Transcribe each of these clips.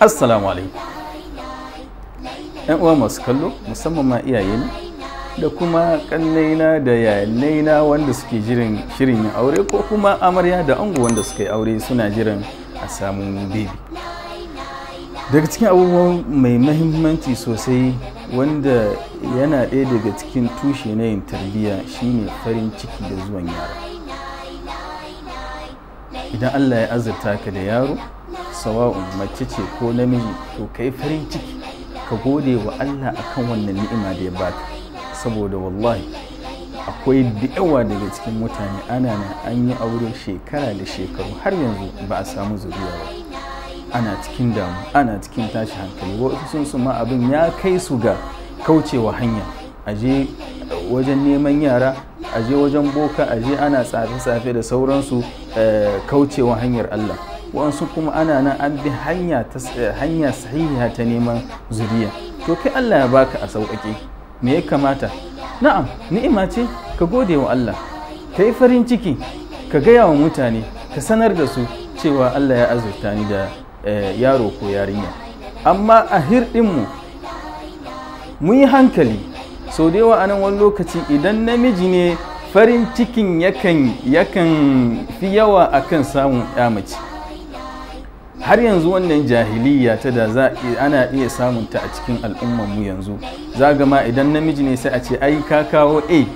assalamu alaikum uwa masu kallo musamman ma iyaye ne da kuma kannaina da yanaina wanda suke jiran shirin yin aure ko kuma amarya da ango wanda suka yi aure suna jiran a samun bebi daga cikin abubuwan mai mahimmanci sosai wanda yana ɗaya daga cikin tushe na yin tarbiyya shine farin ciki da zuwan yara idan allah ya azurta ka da yaro sawa'un mace ce ko namiji to kai farin ciki ka gode wa allah akan wannan ni'ima da ya baka saboda wallahi akwai da yawa daga cikin mutane ana na an yi aure shekara da shekaru har yanzu ba a samu zuriya ba ana cikin damu ana cikin tashi hankali wasu sun ma abin ya kai su ga kaucewa hanya aje wajen neman yara aje wajen boka aje ana tsafe-tsafe da sauransu eh, kaucewa hanyar Allah wasu kuma ana nan an bi eh, hanya sahiha ta neman zuriya to kai Allah ya baka a sauƙaƙe me ya kamata na'am ni'ima ce ka gode wa Allah ka yi farin ciki ka gaya wa mutane ka sanar da su cewa Allah ya azurta ni da Eh, yaro ko yarinya amma a hirɗinmu mu yi hankali sau da yawa a nan wani lokaci idan namiji ne farin cikin yakan fi yawa akan samun mace har yanzu wannan jahiliya ta da za ana iya samun ta a cikin al'ummanmu yanzu za gama idan namiji ne sai a ce ai kakawo a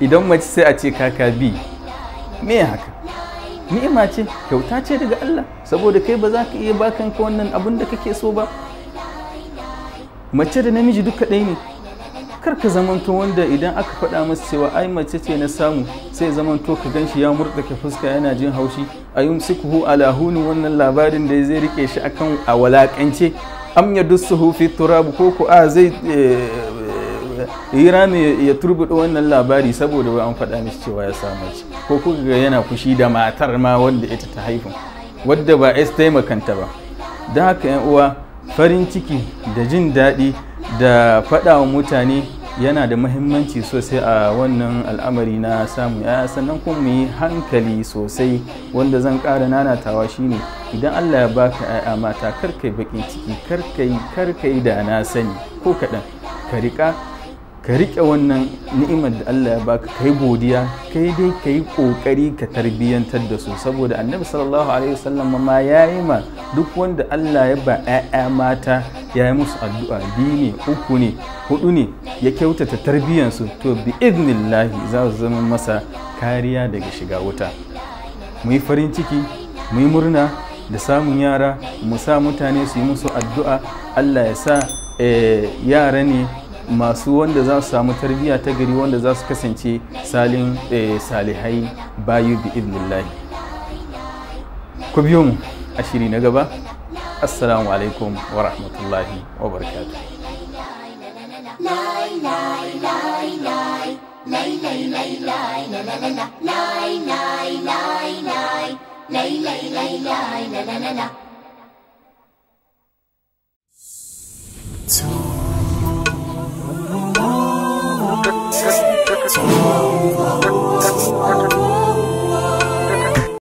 idan mace sai a ce kaka b me haka ni'ima ce kyauta ce daga Allah saboda kai ba za ka iya bakan ka wannan abin da kake so ba mace da namiji duka ɗaya ne kar ka zamanto wanda idan aka faɗa masa cewa ai mace ce na samu sai zamanto ka gan shi ya murɗake fuska yana jin haushi a yumsikuhu a alahuni wannan labarin da zai rike shi akan a walakance am yadussuhu fi turabu ko ku a zai eh, hiram ya turbuɗe wannan labari saboda wai an faɗa mishi cewa ya samu ci ko kuka ga yana fushi da matar ma wanda ita ta haifu wadda ba es taimakanta ba don haka yan uwa farin ciki da jin daɗi da faɗawa mutane yana da mahimmanci sosai a wannan al'amari na samu ya sannan kuma mu yi hankali sosai wanda zan ƙara nanatawa shine idan Allah ya baka ya'ya mata karkai bakin ciki karkai karkai da na sani ko kaɗan ka riƙa ka riƙe wannan ni'imar da Allah ya baka kai godiya kai dai ka yi ƙoƙari ka tarbiyyantar da su saboda annabi sallallahu alaihi wasallam ma ya yi ma duk wanda Allah ya ba 'ya'ya mata ya yi musu addu'a biyu ne uku ne hudu ne ya kyautata tarbiyyansu to bi idnillahi za su zama masa kariya daga shiga wuta mu yi farin ciki mu yi murna da samun yara mu sa mutane su yi musu addu'a Allah ya sa eh, yara ne masu wanda za su samu tarbiyya ta gari wanda za su kasance salin salihai bayu bi idnillahi ku biyo mu a shiri na gaba assalamu alaikum wa rahmatullahi wa barakatuh lay lay lay lay lay lay lay lay lay lay lay lay Tomorrow.